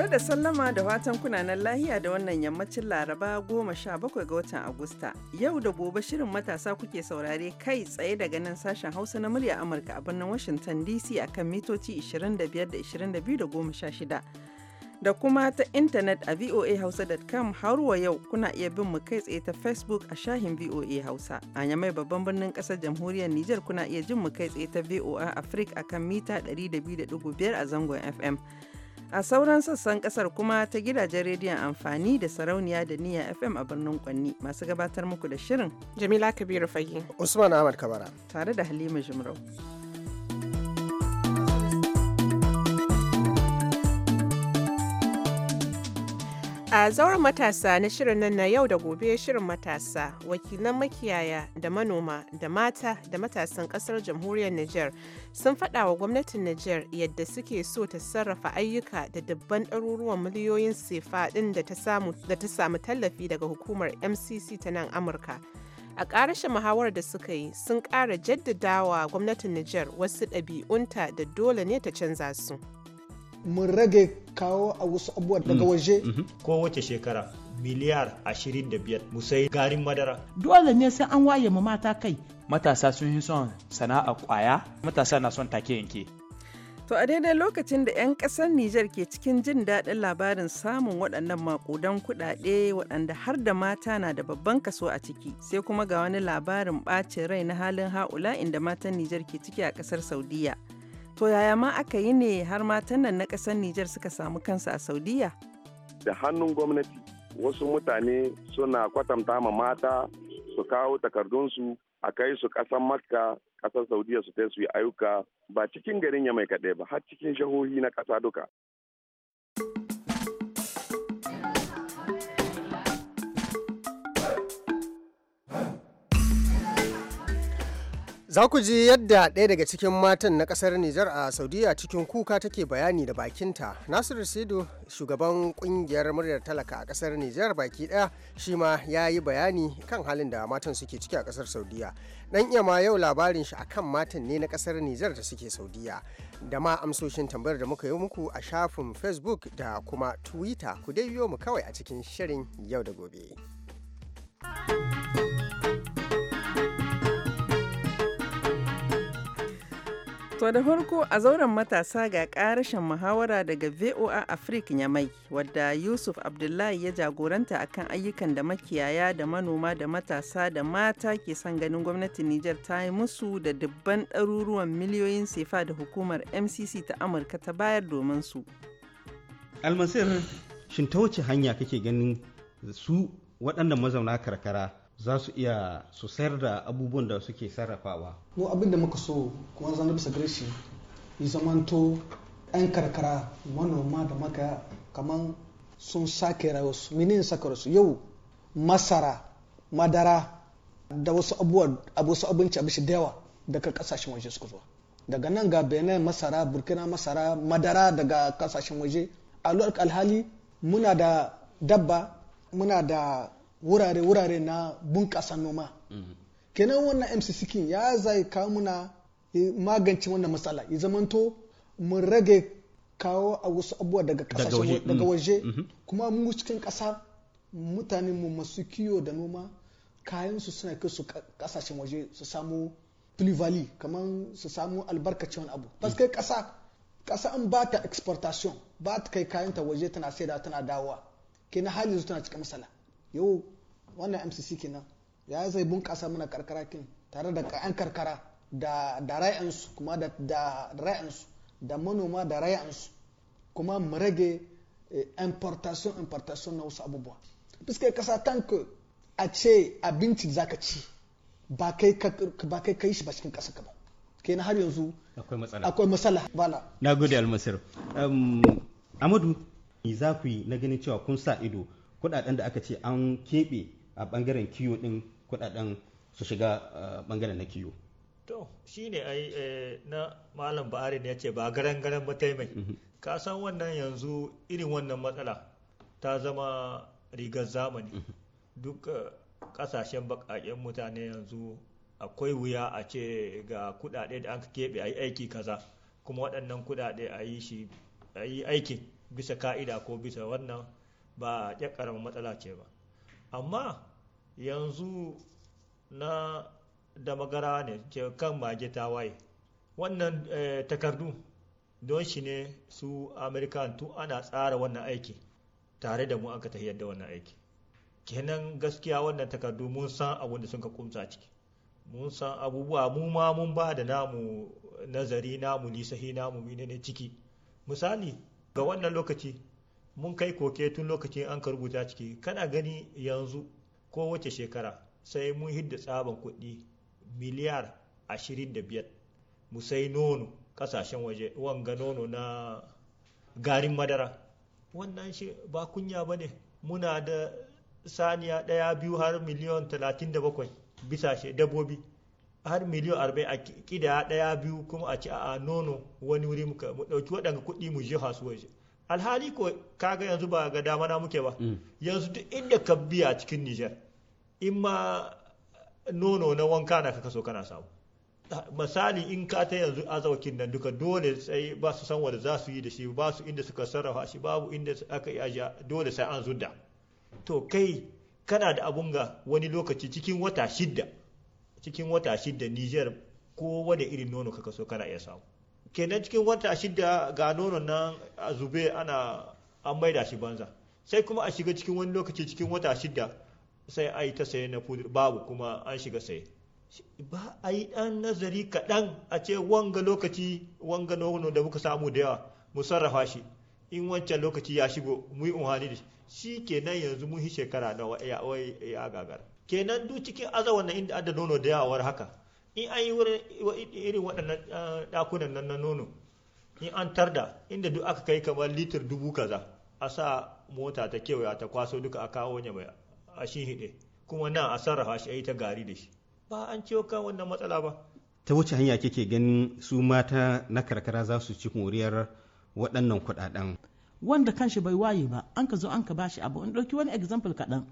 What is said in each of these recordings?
Tare da sallama da watan kunanan lahiya da wannan yammacin Laraba goma sha bakwai ga watan Agusta. Yau da gobe shirin matasa kuke saurare kai tsaye daga nan sashen Hausa na murya Amurka a birnin Washington DC akan mitoci 25 da 22 da Da kuma ta intanet a voahausa.com har wa yau kuna iya bin mu kai tsaye ta Facebook a shahin VOA Hausa. A yamai babban birnin ƙasar jamhuriyar Nijar kuna iya jin mu kai tsaye ta VOA Africa akan mita 102.5 a zangon FM. A sauran sassan kasar kuma ta gidajen rediyon amfani da sarauniya da niyya FM a birnin Kwanni masu gabatar muku da shirin. Jamila Kabiru Fagi. Usman Ahmad Kabara. Tare da Halima Jumrau. A zauren matasa na shirin nan na yau da gobe shirin matasa, wakilan makiyaya da manoma da mata da matasan kasar jamhuriyar Nijar sun faɗa wa gwamnatin Nijar yadda suke so ta sarrafa ayyuka da dubban ɗaruruwan miliyoyin sefa ɗin da ta samu tallafi daga hukumar MCC ta nan Amurka. a ƙarashe muhawar da suka yi sun ƙara jaddadawa gwamnatin Nijar wasu ɗabi'unta da dole ne ta canza su. mu rage kawo a wasu abubuwa daga mm. waje mm-hmm. Ko wace shekara miliyar 25 mu sai garin madara dole ne sai an waye ma mata kai matasa sun yi son sana'a kwaya matasa na son take yanke To a daidai lokacin da 'yan kasar Nijar ke cikin jin daɗin labarin samun waɗannan maƙudan kuɗaɗe waɗanda har da mata na da babban kaso a ciki sai kuma ga wani labarin ɓacin rai na halin ha'ula inda matan Nijar ke ciki a ƙasar Saudiya. To yaya ma aka yi ne har matan nan na ƙasar Nijar suka samu kansu a Saudiya? Da hannun gwamnati wasu mutane suna kwatanta ma mata su kawo takardunsu a kai su ƙasar Makka ƙasar Saudiya su su yi ayyuka ba cikin garin ya mai kaɗai ba har cikin shahohi na ƙasa duka. Za ku ji yadda ɗaya daga cikin matan na ƙasar Nijar a Saudiya cikin kuka take bayani da bakinta. Nasiru Sido, shugaban ƙungiyar muryar talaka a ƙasar Nijar baki ɗaya, shi ma ya yi bayani kan halin da matan suke ciki a ƙasar Saudiya. Ɗan iya ma yau labarin shi akan matan ne na ƙasar Nijar da suke Saudiya. Da ma amsoshin tambayar da muka yi muku a shafin Facebook da kuma Twitter. Ku dai mu kawai a cikin shirin yau da gobe. To da farko a zauren matasa ga karashin muhawara daga VOA Africa mai wadda Yusuf Abdullahi ya jagoranta akan ayyukan da makiyaya da manoma da matasa da mata ke son ganin gwamnatin Nijar ta yi musu da dubban ɗaruruwan miliyoyin sefa da hukumar MCC ta Amurka ta bayar domin su. Almasir, shin ta wace hanya kake ganin su waɗannan mazauna karkara za su iya su sayar da abubuwan da suke sarrafawa. mu abin da muka so kuma zan bisa gare shi yi zamanto 'yan karkara manoma da maka kamar sun sake rayuwarsu minin rasu yau masara madara da wasu wasu abinci abinci da yawa daga kasashen waje suka zuwa daga nan ga benin masara burkina masara madara daga kasashen waje a alhali muna da dabba muna da wurare-wurare na bunƙasa noma mm-hmm. kenan wannan mcc ya zai kamuna magance wannan matsala ya zamanto mun rage kawo a wasu abubuwa daga daga waje mm-hmm. Mm-hmm. kuma mun cikin ƙasa mutane mu masu kiyo da noma kayan su suna kai su ƙasashen waje su samu plivali kamar su samu albarkacin abu paske ƙasa ƙasa an ba ta exportation ba ta kai ta waje tana da tana dawowa kenan hali tana cikin matsala yau wannan mcc kenan ya zai bunƙasa mana karkara kin tare da ƙayan karkara da ra'ayinsu kuma da ra'ayinsu da manoma da ra'ayinsu kuma mu rage eh, importation importation na wasu abubuwa fuska kasa tanko a ce abinci da zaka ci ba kai ka kai shi ba cikin ƙasa ka ba kenan har yanzu akwai matsala Akwai matsala, bala na gode almasir amadu Ni za ku yi na ganin cewa kun sa ido kudaden da aka ce an keɓe a bangaren kiyo ɗin kudaden su shiga bangaren eh, na kiyo to shi ne ai eh, na malam bahari ne ya ce ba garan garan ba mm-hmm. ka san wannan yanzu irin wannan matsala ta zama rigar zamani mm-hmm. duk kasashen eh, bakaken mutane yanzu akwai wuya a ce ga kudade da an keɓe a yi aiki kaza kuma waɗannan kudade a yi shi a yi aikin bisa ka'ida ko bisa wannan ba ya karamin matsala ce ba amma yanzu na da magara ne ke kan mage ta waye wannan eh, takardu don shi ne su amerikan tun ana tsara wannan aiki tare da mu aka tahiyar da wannan aiki kenan gaskiya wannan takardu mun san abin da sun ka kumsa ciki mun san abubuwa mu ma mun ba da namu nazari namu lisahi namu menene ciki misali ga wannan lokaci mun kai koke tun lokacin an ka rubuta ciki kana gani yanzu ko wace shekara sai mun hidda tsaban kuɗi miliyar 25 mu sai nono kasashen waje wanga nono na garin madara wannan shi ba kunya ba ne muna da saniya ɗaya biyu har miliyon 37 bisa shi dabbobi har miliyon arba'in a kida ɗaya biyu kuma a ci a nono wani wuri muka mu ɗauki waɗanda kuɗi mu je waje alhali ko kaga yanzu ba ga dama na muke ba mm. yanzu duk inda ka biya cikin Niger in ma nono na wanka na ka kaso kana samu misali in ka ta yanzu azawakin nan duka dole sai ba su san wanda za su yi da shi ba su inda suka sarrafa shi babu inda aka yi ajiya dole sai an zudda to kai kana da abun ga wani lokaci cikin wata shidda cikin wata shidda Nijar ko wani irin nono ka kaso kana iya samu kenan cikin wata shida ga nono nan a zube ana an da shi banza sai kuma a shiga cikin wani lokaci cikin wata shida sai a yi ta saye na fudur babu kuma an shiga saye ba a yi ɗan nazari kaɗan a ce wanga lokaci wanga nono da muka samu da yawa mu sarrafa shi in wancan lokaci ya shigo mu yi unhani da shi kenan yanzu mun yi shekara na ya gagara kenan duk cikin azawa na inda adda nono da yawa haka in an yi irin waɗannan ah, ɗakunan nan na nono in an tarda inda duk aka kai kamar litir dubu kaza a sa mota ta kewaya ta kwaso duka a kawo ne mai a shi hide kuma nan a sarrafa shi a yi ta gari da shi ba an ciwo kan wannan matsala ba ta wuce hanya kike ganin su mata na karkara za su ci moriyar waɗannan kuɗaɗen wanda kanshi bai waye ba an ka zo an ka bashi abu in ɗauki wani example kaɗan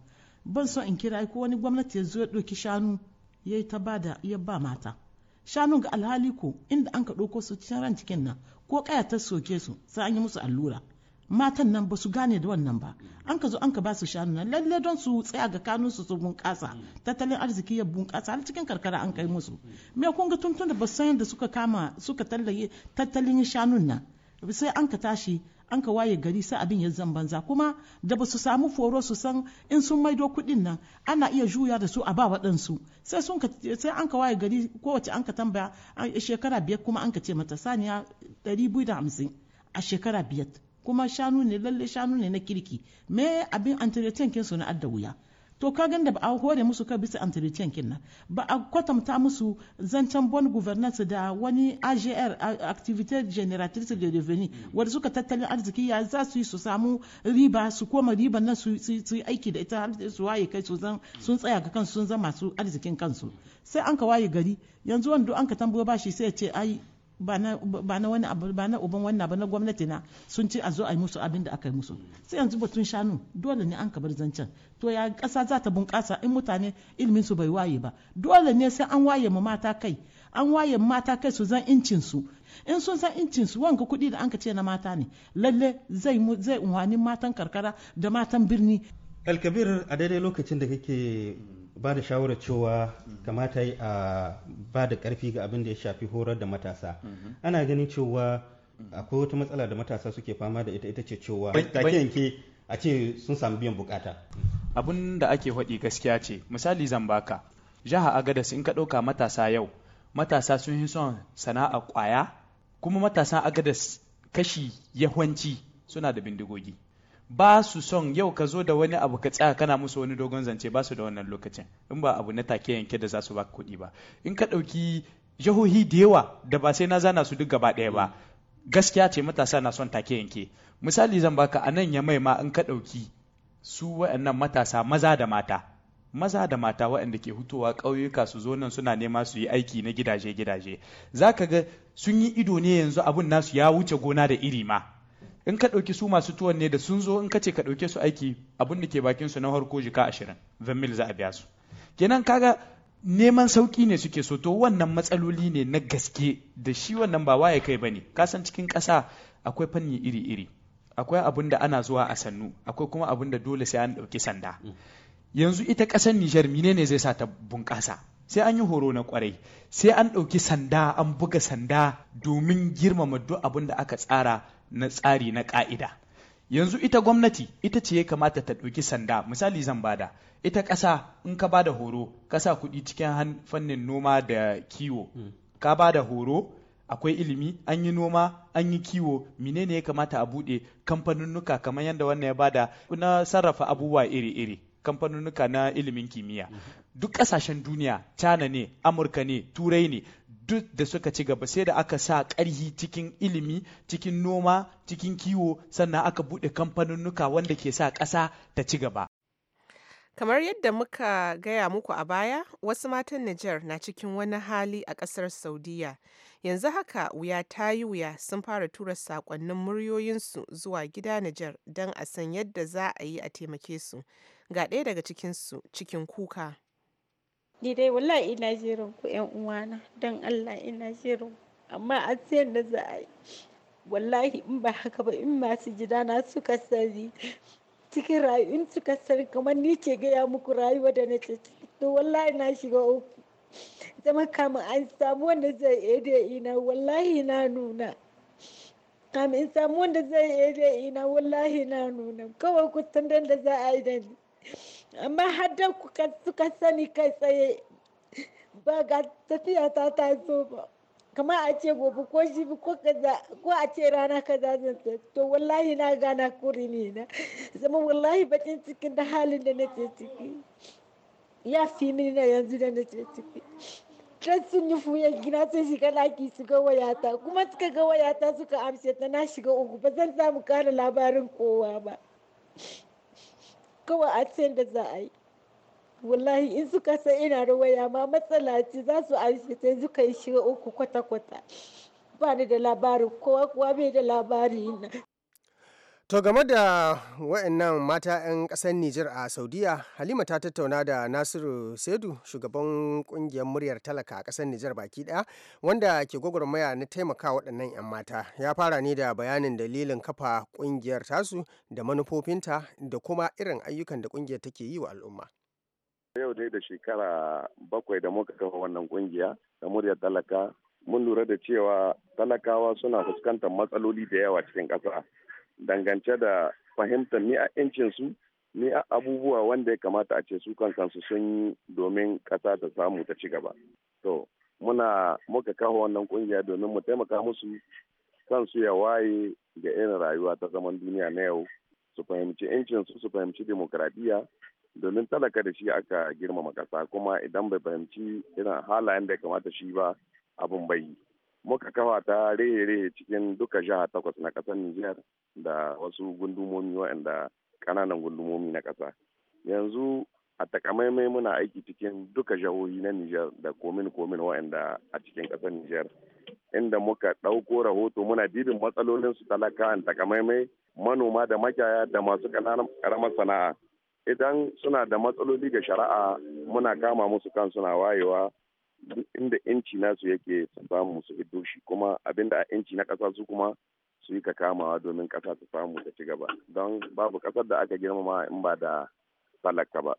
ban so in kira ko wani gwamnati ya zo ya ɗauki shanu ya ta bada ya ba mata shanu ga alhali ko inda an ka ɗauko su cikin ran cikin nan ko ƙaya ta soke su sai an yi musu allura matan nan ba su gane da wannan ba an ka zo an ka ba su shanu nan lalle don su tsaya ga kanun su su bunƙasa tattalin arziki ya bunƙasa har cikin karkara an kai musu me kun ga tuntun da ba san yadda suka kama suka tallaye tattalin shanun nan sai an ka tashi an ka waye gari sai abin ya zan banza kuma da ba su samu foro su san in sun maido kuɗin nan ana iya juya da su a ba waɗansu sai sun sai an ka waye gari kowace an ka tambaya shekara biyar kuma an ka ce mata saniya ɗari biyu da hamsin a shekara biyar kuma shanu ne lalle shanu ne na kirki me abin entretien kinsu na adda wuya to ka ganda ba a hore musu ka bisa entretien kinna ba a kwatanta musu zancen bon governance da wani AGR activité génératrice de revenu mm. wanda suka tattalin arziki ya za su yi su samu riba su koma riba na su yi aiki da ita har su waye kai sun tsaya ga kansu sun zama su arzikin kansu sai an ka waye gari yanzu wanda an ka tambayo bashi sai ya ce ai ba na wani abu ba na uban wannan ba na gwamnati na sun ci a zo a yi musu abin da aka yi musu sai yanzu batun shanu dole ne an kabar zancen to ya kasa za ta bunƙasa in mutane ilimin su bai waye ba dole ne sai an waye ma mata kai an waye mata kai su zan incin su in sun san incin su wanka kuɗi da an ka ce na mata ne lalle zai zai unhwanin matan karkara da matan birni alkabir a daidai lokacin da kake ba da shawarar cewa mm-hmm. kamata yi a ba da karfi ga abin da ya shafi horar da matasa mm-hmm. ana ganin cewa mm-hmm. akwai wata matsala da matasa suke fama da ita ita ce cewa take yanke a ce sun samu biyan bukata abin da ake faɗi gaskiya ce misali zan baka jiha agadas in ka ɗauka matasa yau matasa sun yi son sana'a kwaya kuma matasan agadas kashi yawanci suna da bindigogi ba su son yau ka zo da wani abu ka tsaya kana musu wani dogon zance ba su da wannan lokacin in ba abu na take yanke da za su ba kuɗi ba in ka ɗauki jahohi da yawa da ba sai na zana su duk gaba ɗaya ba gaskiya ce matasa na son take yanke misali zan baka a nan ya mai ma in ka ɗauki su waɗannan matasa maza da mata maza da mata waɗanda ke hutowa ƙauyuka su zo nan suna nema su yi aiki na gidaje-gidaje za ka ga sun yi ido ne yanzu abun nasu ya wuce gona da iri ma in ka ɗauki su masu tuwon ne da sun zo in ka ce ka ɗauke su aiki abin da ke bakin su na harko jika ashirin zan mil za a biya su kenan kaga neman sauki ne suke so to wannan matsaloli ne na gaske da shi wannan ba waye kai bane ka san cikin ƙasa akwai fanni iri-iri akwai abin da ana zuwa a sannu akwai kuma abin da dole sai an ɗauki sanda mm. yanzu ita ƙasar Nijar mine ne zai sa ta bunƙasa sai an yi horo na kwarai sai an ɗauki sanda an buga sanda domin girmama duk abin da aka tsara na tsari na ƙa'ida yanzu ita gwamnati ita ce ya kamata ta ɗauki sanda misali zan bada ita ƙasa in ka bada horo ƙasa kuɗi cikin fannin noma da kiwo hmm. ka bada horo akwai ilimi an yi noma an yi kiwo menene ya kamata a buɗe kamfanunnuka kamar yadda wannan ya bada na sarrafa abubuwa iri-iri kamfanunnuka na ilimin kimiyya hmm. duk ƙasashen duniya cana ne amurka ne turai ne duk da suka ci gaba sai da aka sa ƙarhi cikin ilimi cikin noma cikin kiwo sannan aka buɗe kamfanunnuka wanda ke sa ƙasa ta ci gaba kamar yadda muka gaya muku a baya wasu matan Nijar na cikin wani hali a ƙasar saudiya yanzu haka wuya ta yi wuya sun fara tura saƙonnin muryoyinsu zuwa gida Nijar don a san yadda za a yi a taimake su ga ɗaya daga cikinsu cikin kuka ni dai wallahi ina jiran ku yan uwana don allah ina jiran amma a sayar da za a yi wallahi in ba haka ba in masu na suka sani cikin rayu in suka sani kamar ni ce gaya muku rayuwa da na ce to wallahi na shiga uku zama kamun an samu wanda zai ede ina wallahi na nuna kamun in samu wanda zai ede ina wallahi na nuna kawai kusan da za a yi da ni amma haddan ku suka sani kai tsaye ba ga tafiya ta taso ba kama a ce gobe ko jibi ko kaza ko a ce rana kaza zan ta to wallahi na gana kuri ne na zama wallahi bakin cikin da halin da nake ciki ya fi mini na yanzu da nake ciki can sun yi fuyen gina sun shiga laki su ga wayata kuma suka ga wayata suka amshe ta na shiga uku ba zan samu kara labarin kowa ba kawai a ce da za a yi wallahi in suka san ina rawaya ma matsala ce za su aiki sai suka yi shiga uku kwata-kwata ba ni da labarin kowa kuwa bai da labari na To game da wa'annan mata 'yan ƙasar Nijar a Saudiya, Halima ta tattauna da Nasiru saidu shugaban ƙungiyar muryar talaka a ƙasar Nijar baki ɗaya, wanda ke gwagwarmaya na taimaka waɗannan 'yan mata. Ya fara ne da bayanin dalilin kafa ƙungiyar tasu da manufofinta da kuma irin ayyukan da ƙungiyar take yi wa al'umma. Yau dai da shekara bakwai da muka kafa wannan ƙungiya da muryar talaka, mun lura da cewa talakawa suna fuskantar matsaloli da yawa cikin ƙasa. dangance da fahimtar ni a 'yancinsu ni a abubuwa wanda ya kamata a ce su kan kansu sun yi domin ƙasa ta samu ta ci gaba. To, muna muka kawo wannan kungiya domin mu taimaka musu kansu ya waye ga irin rayuwa ta zaman duniya na yau su fahimci 'yancinsu su fahimci demokradiyya domin talaka da shi aka girmama ƙasa kuma idan bai fahimci irin halayen da ya kamata shi ba abun bai yi. muka kafa ta rehe-rehe cikin duka jiha takwas na ƙasar Nijar da wasu gundumomi waɗanda ƙananan gundumomi na ƙasa. Yanzu a takamaimai muna aiki cikin duka jihohi na Nijar da komin-komin waɗanda a cikin ƙasar Nijar. Inda muka ɗauko rahoto muna dibin matsalolin su talaka takamaimai manoma da makiyaya da masu ƙaramar sana'a. Idan suna da matsaloli ga shari'a muna kama musu kan suna wayewa inda yanci nasu yake samu su hiddo shi kuma abinda a yanci na ƙasa su kuma su yi ka kamawa domin ƙasa su samu ta ci gaba don babu ƙasar da aka girmama in ba da talaka ba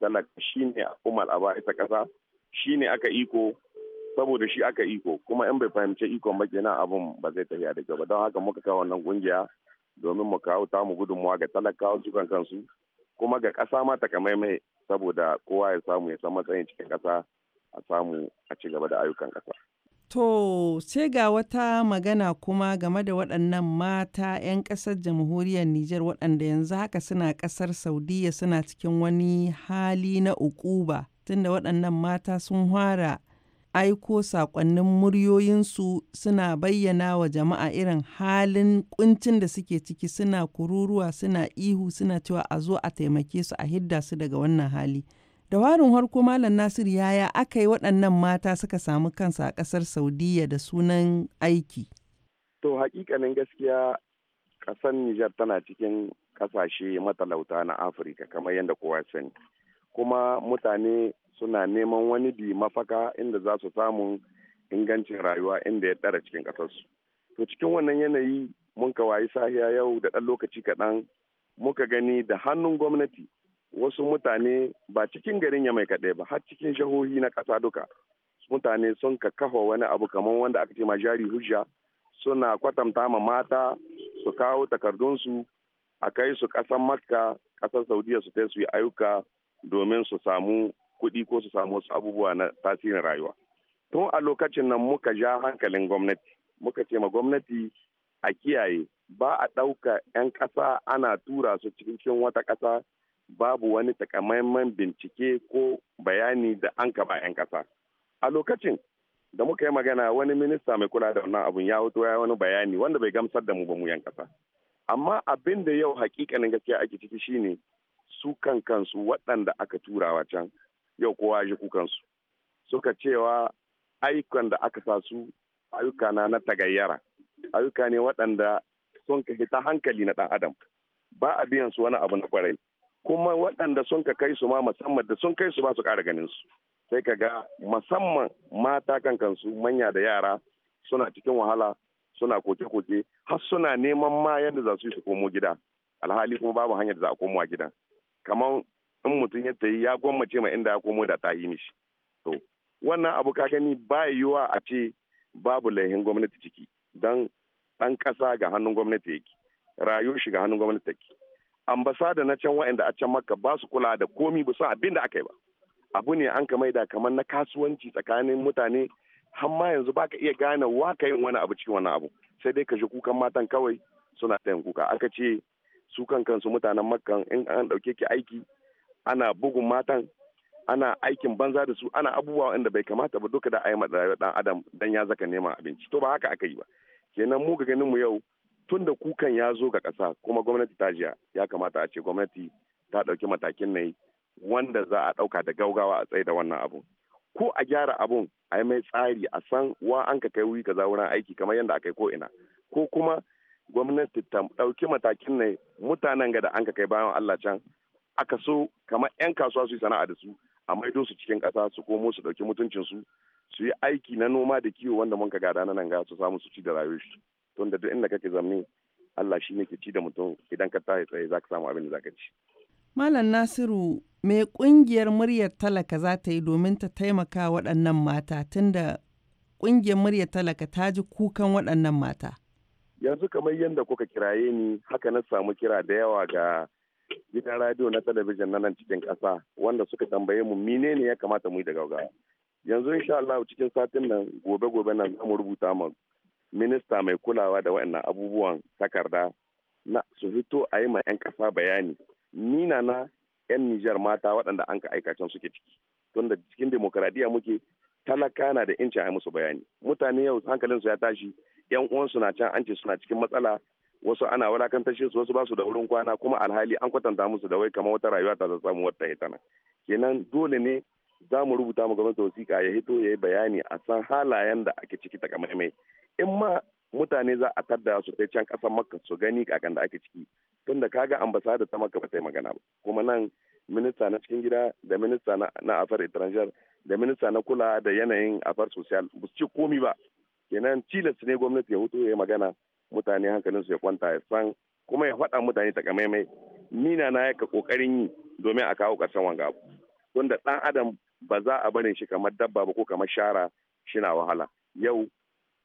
talaka shi ne umar a ita ƙasa shi ne aka iko saboda shi aka iko kuma in bai fahimci ikon ba kenan abin ba zai tafiya da gaba don haka muka kawo wannan kungiya domin mu kawo tamu gudunmuwa ga talakawa su kan kansu kuma ga ƙasa ma takamaimai saboda kowa ya samu ya san matsayin cikin ƙasa a samu a ci gaba da ayyukan ƙasa. To, sai ga wata magana kuma game da waɗannan mata 'yan ƙasar jamhuriyar Nijar waɗanda yanzu haka suna ƙasar Saudiya suna cikin wani hali na ukuba tunda waɗannan mata sun hwara aiko saƙonnin muryoyinsu suna bayyana wa jama'a irin halin ƙuncin da suke ciki suna kururuwa suna ihu suna cewa a zo a taimake su a hidda su daga wannan hali. Da warin harko Malam Nasiru yaya aka yi waɗannan mata suka samu kansa a ƙasar Saudiya da sunan aiki? To hakikanin gaskiya ƙasar Nijar tana cikin ƙasashe matalauta na Afirka kamar yadda kowa sani. Kuma mutane suna neman wani bi mafaka inda za su samu ingancin rayuwa inda ya ɗara cikin ƙasarsu. To cikin wannan yanayi mun ka wayi sahiya yau da ɗan lokaci kaɗan muka gani da hannun gwamnati wasu mutane ba cikin garin ya mai kaɗai ba har cikin shahohi na ƙasa duka mutane sun ka kafa wani abu kamar wanda aka ce ma jari hujja suna kwatanta ma mata su kawo takardunsu a kai su ƙasar makka ƙasar saudiya su ta su yi ayyuka domin su samu kuɗi ko su samu wasu abubuwa na tasirin rayuwa tun a lokacin nan muka ja hankalin gwamnati muka ce ma gwamnati a kiyaye ba a ɗauka 'yan ƙasa ana tura su cikin wata ƙasa babu wani takamaiman bincike ko bayani da an 'yan kasa a lokacin da muka yi magana wani minista mai kula da wannan abun ya hoto ya wani bayani wanda bai gamsar da mu ba mu yan kasa amma abin da yau hakikanin gaskiya ake ciki shine su kan kansu waɗanda aka turawa can yau kowa ji kukansu suka cewa ayyukan da aka sa su ayyuka na na tagayyara ayyuka ne waɗanda sun ka ta hankali na ɗan adam ba a biyan su wani abu na kwarai kuma waɗanda sun ka kai su ma musamman da sun kai su ba su ƙara ganin su sai ka ga musamman mata kan kansu manya da yara suna cikin wahala suna koke-koke har suna neman ma yadda za su yi su komo gida alhali kuma babu hanyar da za a komo a gida kamar in mutum ya tayi ya gwammace ma inda ya komo da ta yi mishi to wannan abu ka gani ba yiwuwa a ce babu laihin gwamnati ciki don ɗan ƙasa ga hannun gwamnati yake rayuwar shi ga hannun gwamnati take ambasada na can wa'anda a can makka ba su kula da komi ba san abin da aka yi ba abu ne an ka maida kamar na kasuwanci tsakanin mutane har ma yanzu ba ka iya gane wa ka yin wani abu cikin wani abu sai dai ka shi kukan matan kawai suna tayin kuka aka ce su kan kansu mutanen makkan in an ɗauke ki aiki ana bugun matan ana aikin banza da su ana abubuwa wanda bai kamata ba duka da a yi dan adam dan ya zaka neman abinci to ba haka aka yi ba kenan mu ga ganin mu yau tun da kukan ya zo ga ƙasa kuma gwamnati ta jiya ya kamata a ce gwamnati ta ɗauki matakin ne wanda za a ɗauka da gaugawa a tsaye da wannan abu ko a gyara abun a yi mai tsari a san wa an ka kai wuri kaza wurin aiki kamar yadda aka yi ko ina ko kuma gwamnati ta ɗauki matakin ne mutanen ga da an ka kai bayan Allah can aka so kamar 'yan kasuwa su yi sana'a da su a maido su cikin ƙasa su komo su ɗauki mutuncin su yi aiki na noma da kiwo wanda mun ka gada na nan ga su samu su ci da rayuwar tunda duk inda kake zamni Allah shi ne ke ci da mutum idan ka tsaye tsaye za ka samu abin da za ka ci. Malam Nasiru me kungiyar muryar talaka za ta yi domin ta taimaka waɗannan mata tunda kungiyar muryar talaka ta ji kukan waɗannan mata. Yanzu kamar yadda kuka kiraye ni haka na samu kira da yawa ga gidan radiyo na talabijin na nan cikin ƙasa wanda suka tambaye mu menene ya kamata mu yi da gaugawa. Yanzu insha Allah cikin satin nan gobe-gobe nan za mu rubuta mu minista mai kulawa da waɗannan abubuwan takarda na su fito a yi ma 'yan ƙasa bayani nina na 'yan Nijar mata waɗanda an ka aikacen suke ciki tunda cikin demokradiyya muke talaka na da inci a musu bayani mutane yau su ya tashi 'yan uwansu na can an ce suna cikin matsala wasu ana wulakantar su wasu basu da wurin kwana kuma alhali an kwatanta musu da wai kamar wata rayuwa ta samu wata hitana kenan dole ne za mu rubuta mu gwamnati wasiƙa ya hito ya yi bayani a san halayen da ake ciki ta mai in ma mutane za a tadda su kai can ƙasar makka su gani kakan da ake ciki tun da kaga ambasada ta makka ba ta yi magana ba kuma nan minista na cikin gida da minista na afar étrangère da minista na kula da yanayin afar social ba su ci komi ba kenan tilas ne gwamnati ya hutu ya yi magana mutane hankalin su ya kwanta ya san kuma ya faɗa mutane takamaimai nina na yaka kokarin yi domin a kawo ƙarshen wanga abu tun da ɗan adam ba za a barin shi kamar dabba ba ko kamar shara shi na wahala yau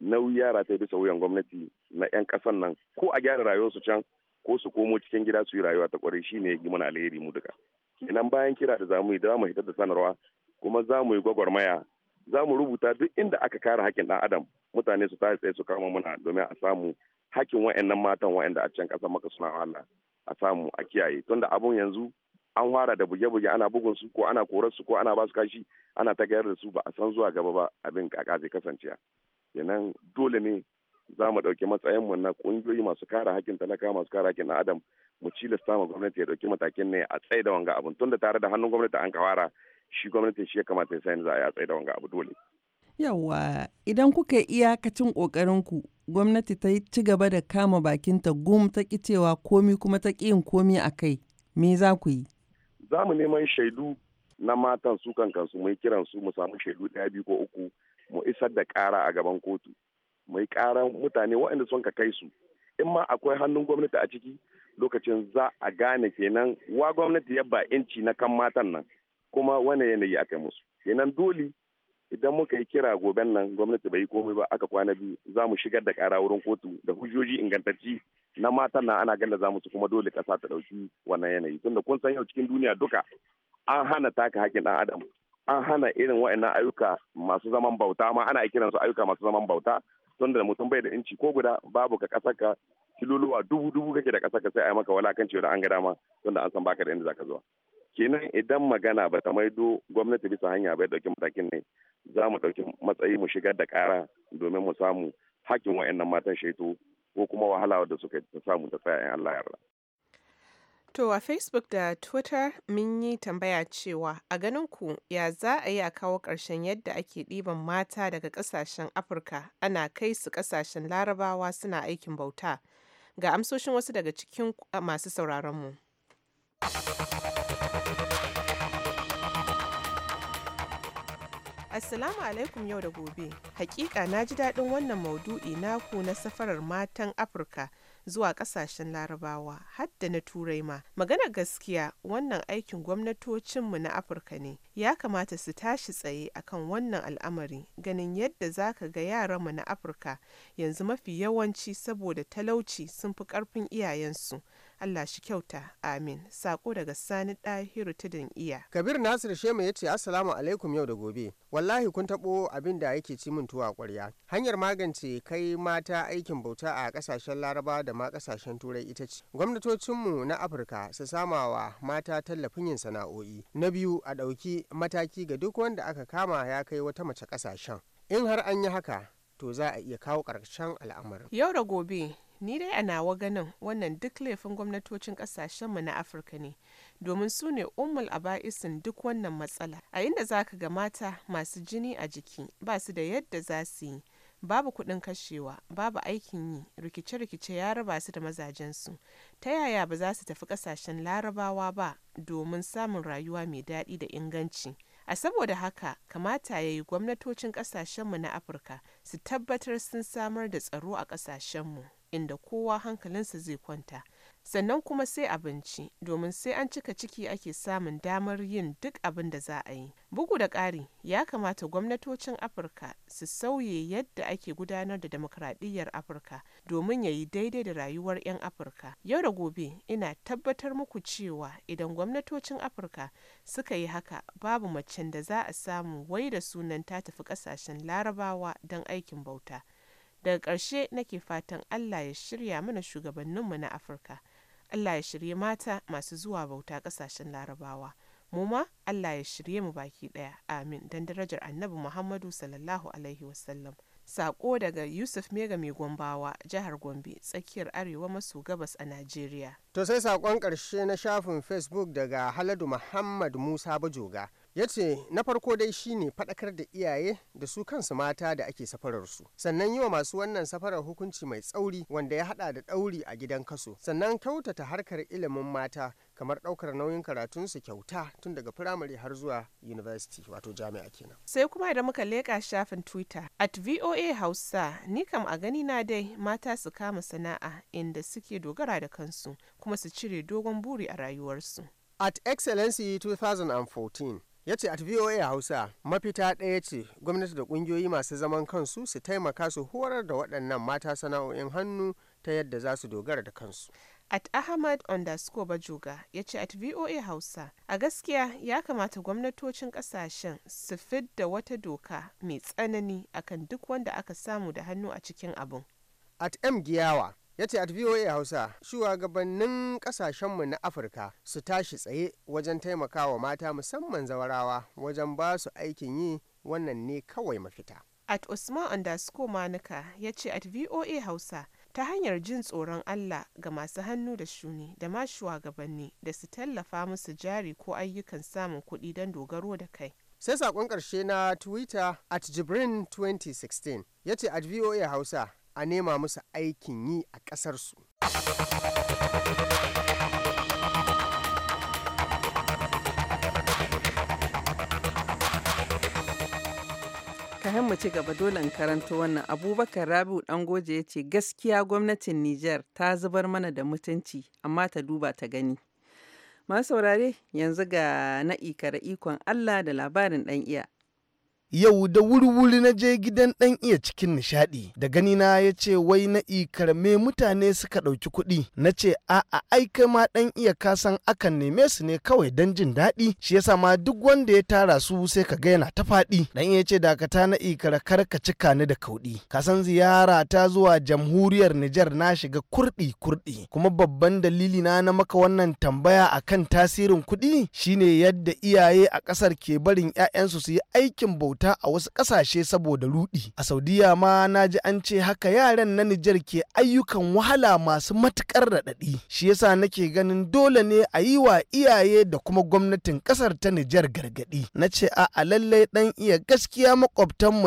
nauyi ya rataye bisa wuyan gwamnati na 'yan ƙasan nan ko a gyara rayuwarsu can ko su komo cikin gida su yi rayuwa ta kwarai shi ne gimana alheri mu duka kenan bayan kira da zamu yi da mu hitar da sanarwa kuma za mu yi gwagwarmaya za mu rubuta duk inda aka kare hakkin ɗan adam mutane su tsaye tsaye su kama muna domin a samu hakkin wa'annan matan wa'anda a can ƙasar maka suna wahala a samu a kiyaye tunda abun yanzu an fara da buge-buge ana bugun su ko ana korar su ko ana basu kashi ana ta da su ba a san zuwa gaba ba abin kaka zai kasance kenan dole ne za mu ɗauki mu na ƙungiyoyi masu kare hakkin talaka masu kare hakkin adam mu cilasta ma gwamnati ya ɗauki matakin ne a tsaye da wanga abun tunda tare da hannun gwamnati an kawara shi gwamnati shi ya kamata ya sani za a yi a tsaye da wanga abu dole. yawa idan kuka yi iyakacin ƙoƙarinku gwamnati ta ci gaba da kama bakinta gum ta ki cewa komi kuma ta ƙi yin komi a kai me za ku yi. za mu neman shaidu na matan su kansu mai kiran su mu samu shaidu ɗaya biyu ko uku mu isar da kara a gaban kotu mu yi ƙaran mutane waɗanda sun ka kai su in ma akwai hannun gwamnati a ciki lokacin za a gane kenan wa gwamnati ya ba inci na kan matan nan kuma wani yanayi kai musu kenan dole idan muka yi kira goben nan gwamnati bai yi komai ba aka kwana biyu za mu shigar da kara wurin kotu da hujjoji ingantacci na matan nan ana galla za musu kuma dole kasa ta ɗauki wannan yanayi tunda kun san yau cikin duniya duka an hana taka haƙƙin ɗan adam an hana irin wa'annan ayyuka masu zaman bauta ma ana kiran su ayyuka masu zaman bauta tunda mutum bai da inci ko guda babu ka kasar ka kiloluwa dubu dubu kake da kasar ka sai a yi maka walakanci da an ga dama tunda an san baka da inda zaka zo kenan idan magana ba ta maido gwamnati bisa hanya bai dauki matakin ne za mu dauki matsayi mu shigar da kara domin mu samu hakkin wa'annan matan shaito ko kuma wahala da suka samu ta tsaya in Allah yarda To a Facebook da Twitter mun yi tambaya cewa a ganin ku ya za a yi a kawo ƙarshen yadda ake ɗiban mata daga ƙasashen Afirka ana kai su ƙasashen Larabawa suna aikin bauta. Ga amsoshin wasu daga cikin masu sauraronmu. Assalamu alaikum yau da gobe. Hakika na ji daɗin wannan maudu'i naku na safarar matan Afirka. zuwa kasashen larabawa hadda na turai ma magana gaskiya wannan aikin gwamnatocinmu na afirka ne ya kamata su tashi tsaye akan wannan al'amari ganin yadda za ka ga yaranmu na Afirka yanzu mafi yawanci saboda talauci sun fi karfin iyayensu. Allah shi kyauta amin sako daga sani ɗahiru tudun iya. Kabir Nasir Shema ya ce Assalamu alaikum yau da gobe. Wallahi kun taɓo abin da yake ci min tuwa ƙwarya. Hanyar magance kai mata aikin bauta a ƙasashen Laraba da ma ƙasashen Turai ita ce. Gwamnatocinmu na Afirka su samawa mata tallafin yin sana'o'i. Na biyu a ɗauki mataki ga duk wanda aka kama ya kai wata mace kasashen in har an yi haka to za a iya kawo ƙarshen al'amarin yau da gobe ni dai a nawa ganin wannan duk laifin gwamnatocin kasashenmu na afirka ne domin su ne a aba'isin duk wannan matsala a inda za ka ga mata masu jini a jiki ba su da yadda za su yi babu kuɗin kashewa babu aikin yi rikice-rikice ya raba su da mazajensu ta yaya ba za su tafi ƙasashen larabawa ba domin samun rayuwa mai daɗi da inganci a saboda haka kamata ya yi gwamnatocin ƙasashenmu na afirka su tabbatar sun samar da tsaro a ƙasashenmu inda kowa hankalinsa zai kwanta sannan kuma sai abinci domin sai an cika ciki ake samun damar yin duk abin da za a yi bugu da ƙari ya kamata gwamnatocin afirka su sauye yadda ake gudanar da demokradiyyar afirka domin ya yi daidai da rayuwar 'yan afirka yau da gobe ina tabbatar muku cewa idan gwamnatocin afirka suka yi haka babu macen da za a samu wai da sunan ta tafi ƙasashen larabawa don aikin bauta daga ƙarshe nake fatan allah ya shirya mana shugabanninmu na afirka Allah ya shirye mata masu zuwa bauta ƙasashen larabawa. Mu ma Allah ya shirye mu baki ɗaya. Amin. Dan darajar Annabi Muhammadu sallallahu alaihi wasallam. Sako daga Yusuf Mega mai Gombawa, jihar Gombe, tsakiyar Arewa maso gabas a Najeriya. To sai sakon ƙarshe na shafin Facebook daga Haladu Muhammad Musa Bajoga. ya ce na farko dai shine faɗakar da iyaye da su kansu mata da ake safararsu sannan yi wa masu wannan safarar hukunci mai tsauri wanda ya haɗa da ɗauri a gidan kaso sannan kyautata harkar ilimin mata kamar ɗaukar nauyin karatun su kyauta tun daga firamare har zuwa university wato jami'a kenan sai kuma idan muka leƙa shafin twitter at voa hausa ni kam a gani na dai mata su kama sana'a inda suke dogara da kansu kuma su cire dogon buri a rayuwarsu at excellency 2014 ya ce at voa hausa mafita ɗaya ce gwamnati da ƙungiyoyi masu zaman kansu su taimaka su horar da waɗannan mata sana'o'in hannu ta yadda za su dogara da kansu at ahmad underscore bajoga ya ce at voa hausa a gaskiya ya kamata gwamnatocin ƙasashen su da wata doka mai tsanani akan duk wanda aka samu da hannu a cikin abin at m giyawa ya ce at voa hausa shugabannin mu na afirka su tashi tsaye wajen taimakawa mata musamman zawarawa wajen ba su aikin yi wannan ne kawai mafita at usman underscore manuka ya ce at voa hausa ta hanyar jin tsoron Allah ga masu hannu da shuni da ma shugabanni da su tallafa musu jari ko ayyukan samun kuɗi don dogaro da kai. Sai saƙon ƙarshe na Twitter at Jibrin 2016 ya ce at VOA Hausa a nema musu aikin yi a ƙasarsu. kayan mu ci gaba dole in karanto wannan abubakar rabiu dangoje ya ce gaskiya gwamnatin niger ta zubar mana da mutunci amma ta duba ta gani masu saurare yanzu ga na'i kara ikon allah da labarin dan iya yau da wuri-wuri na je gidan ɗan iya cikin nishaɗi da ganina ya ce wai na me mutane suka ɗauki kuɗi na ce a'a ai kai ma ɗan iya kasan akan neme su ne kawai don jin daɗi shi yasa ma duk wanda ya tara su sai ka ga yana ta faɗi ɗan iya ce dakata na ikara kar ka cika ni da kauɗi kasan ziyara ta zuwa jamhuriyar Nijar na shiga kurɗi kurɗi kuma babban dalili na na maka wannan tambaya akan tasirin kuɗi shine yadda iyaye a ƙasar ke barin 'ya'yansu su yi aikin bauta mahukunta a wasu ƙasashe saboda rudi. A Saudiya ma na ji an ce haka yaran na Nijar ke ayyukan wahala masu matukar raɗaɗi. Shi yasa nake ganin dole ne a yi wa iyaye da kuma gwamnatin ƙasar ta Nijar gargaɗi. Na ce a lallai dan iya gaskiya mu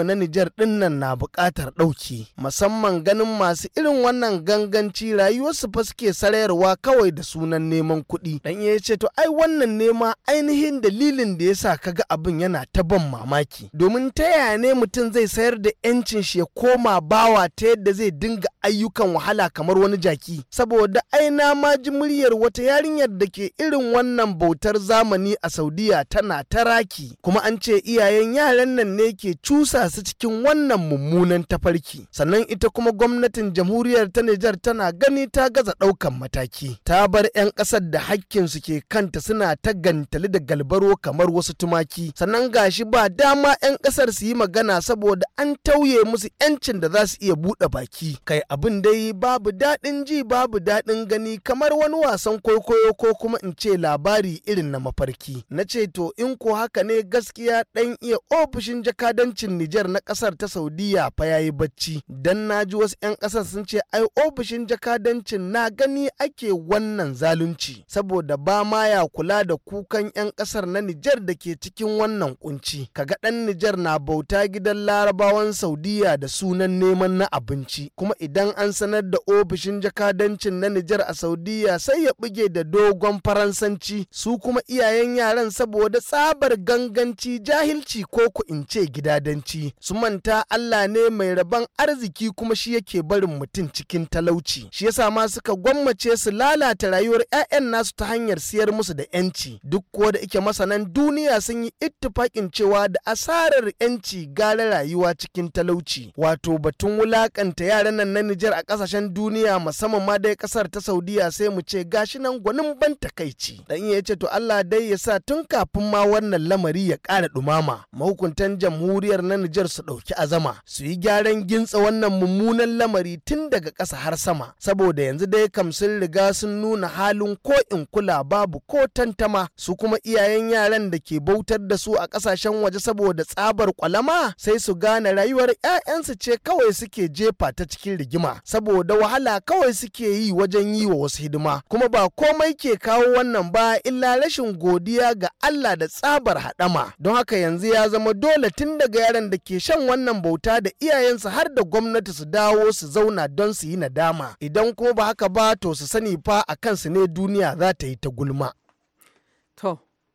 na Nijar dinnan na buƙatar ɗauki. Musamman ganin masu irin wannan ganganci rayuwarsu fa suke sarayarwa kawai da sunan neman kuɗi. Dan iya ce to ai wannan nema ainihin dalilin da yasa kaga abin yana ta ban mamaki. domin ta yaya ne mutum zai sayar da 'yancin shi ya koma bawa ta yadda zai dinga ayyukan wahala kamar wani jaki saboda aina ma ji muryar wata yarinyar da ke irin wannan bautar zamani a saudiya tana taraki kuma an ce iyayen yaran nan ne ke cusa su cikin wannan mummunan tafarki sannan ita kuma gwamnatin jamhuriyar ta nijar tana gani ta gaza ɗaukan mataki ta bar 'yan ƙasar da hakkin su ke kanta suna ta gantali da galbaro kamar wasu tumaki sannan gashi ba dama 'yan 'yan kasar su yi magana saboda an tauye musu 'yancin da za su iya buɗe baki kai abin dai babu daɗin ji babu daɗin gani kamar wani wasan kwaikwayo ko kuma in ce labari irin na mafarki na ce to in ko haka ne gaskiya ɗan iya ofishin jakadancin Nijar na ƙasar ta Saudiya fa yayi bacci dan na ji wasu 'yan ƙasar sun ce ai ofishin jakadancin na gani ake wannan zalunci saboda ba ma ya kula da kukan 'yan ƙasar na Nijar da ke cikin wannan kunci kaga ɗan Nijar Nijar na bauta gidan larabawan Saudiya da sunan neman na abinci, kuma idan an sanar da ofishin jakadancin na Nijar a Saudiya sai ya buge da dogon Faransanci, su kuma iyayen yaran saboda tsabar ganganci jahilci ko ku in ce gidadanci, su manta Allah ne mai rabon arziki kuma shi yake barin mutum cikin talauci. Shi yasa ma suka gwammace su lalata rayuwar 'ya'yan nasu ta hanyar siyar musu da 'yanci, duk ko da ike masanan duniya sun yi ittifaƙin cewa da asarar asarar 'yanci gara rayuwa cikin talauci wato batun wulakanta yaran nan na Nijar a kasashen duniya musamman ma dai kasar ta Saudiya sai mu ce gashi nan gwanin ban takaici dan iya ce to Allah dai ya sa tun kafin ma wannan lamari ya kara dumama mahukuntan jamhuriyar na Nijar su ɗauki azama su yi gyaran gintsa wannan mummunan lamari tun daga ƙasa har sama saboda yanzu dai kam sun riga sun nuna halin ko in kula babu ko tantama su kuma iyayen yaran da ke bautar da su a ƙasashen waje saboda tsabar kwalama sai su gane rayuwar 'ya'yansu ce kawai suke jefa ta cikin rigima saboda wahala kawai suke yi wajen yi wa wasu hidima kuma ba komai ke kawo wannan ba illa rashin godiya ga Allah da tsabar haɗama don haka yanzu ya zama dole tun daga yaran da ke shan wannan bauta da iyayensu har da gwamnati su dawo su zauna don su yi nadama idan ko ba haka ba to su sani fa a kansu ne duniya za ta yi ta gulma.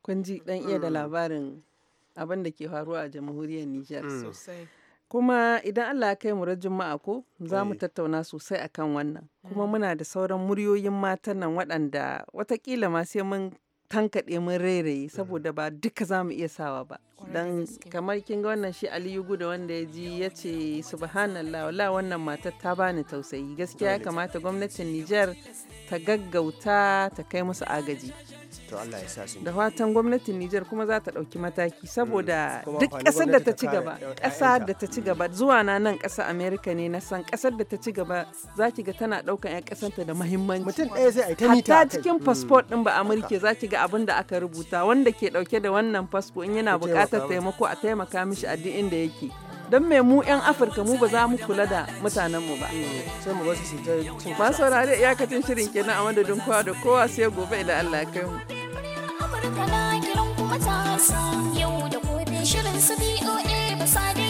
kun ji ɗan iya da labarin abin da ke faruwa a jamhuriyar Nijar. Hmm. Kuma idan Allah ya kai mu Juma'a ko za mu eh. tattauna sosai akan wannan. Kuma hmm. muna da sauran muryoyin matan nan waɗanda watakila ma sai mun tankaɗe mun rairaye hmm. saboda ba duka za mu iya sawa ba don kamar kin ga wannan shi aliyu da wanda ya ji ya ce subhanallah wala wannan matar ta bani tausayi gaskiya ya kamata gwamnatin nijar ta gaggauta ta kai musu agaji to Allah ya sa su da fatan gwamnatin Nijar kuma za ta ɗauki mataki saboda mm. duk ƙasar da ta ci gaba ƙasa da ta ci gaba zuwa na nan ƙasa Amerika ne na san ƙasar da ta ci gaba za ki ga tana ɗaukan 'yan ƙasanta da muhimmanci mutum ɗaya zai ta hatta cikin mm. fasfot ɗin ba Amurka za ki ga abin da aka rubuta wanda ke ɗauke da wannan fasfo in yana buƙatar taimako a taimaka mishi a duk inda yake don mai mu 'yan afirka mu ba za mu kula da mutanenmu ba mm. sai mu ba su ta cin masu iyakacin shirin kenan a madadin kowa da kowa sai gobe idan allah kai mu Afirka na kiran kuma ta yau da gobe shirin su BOA ba sa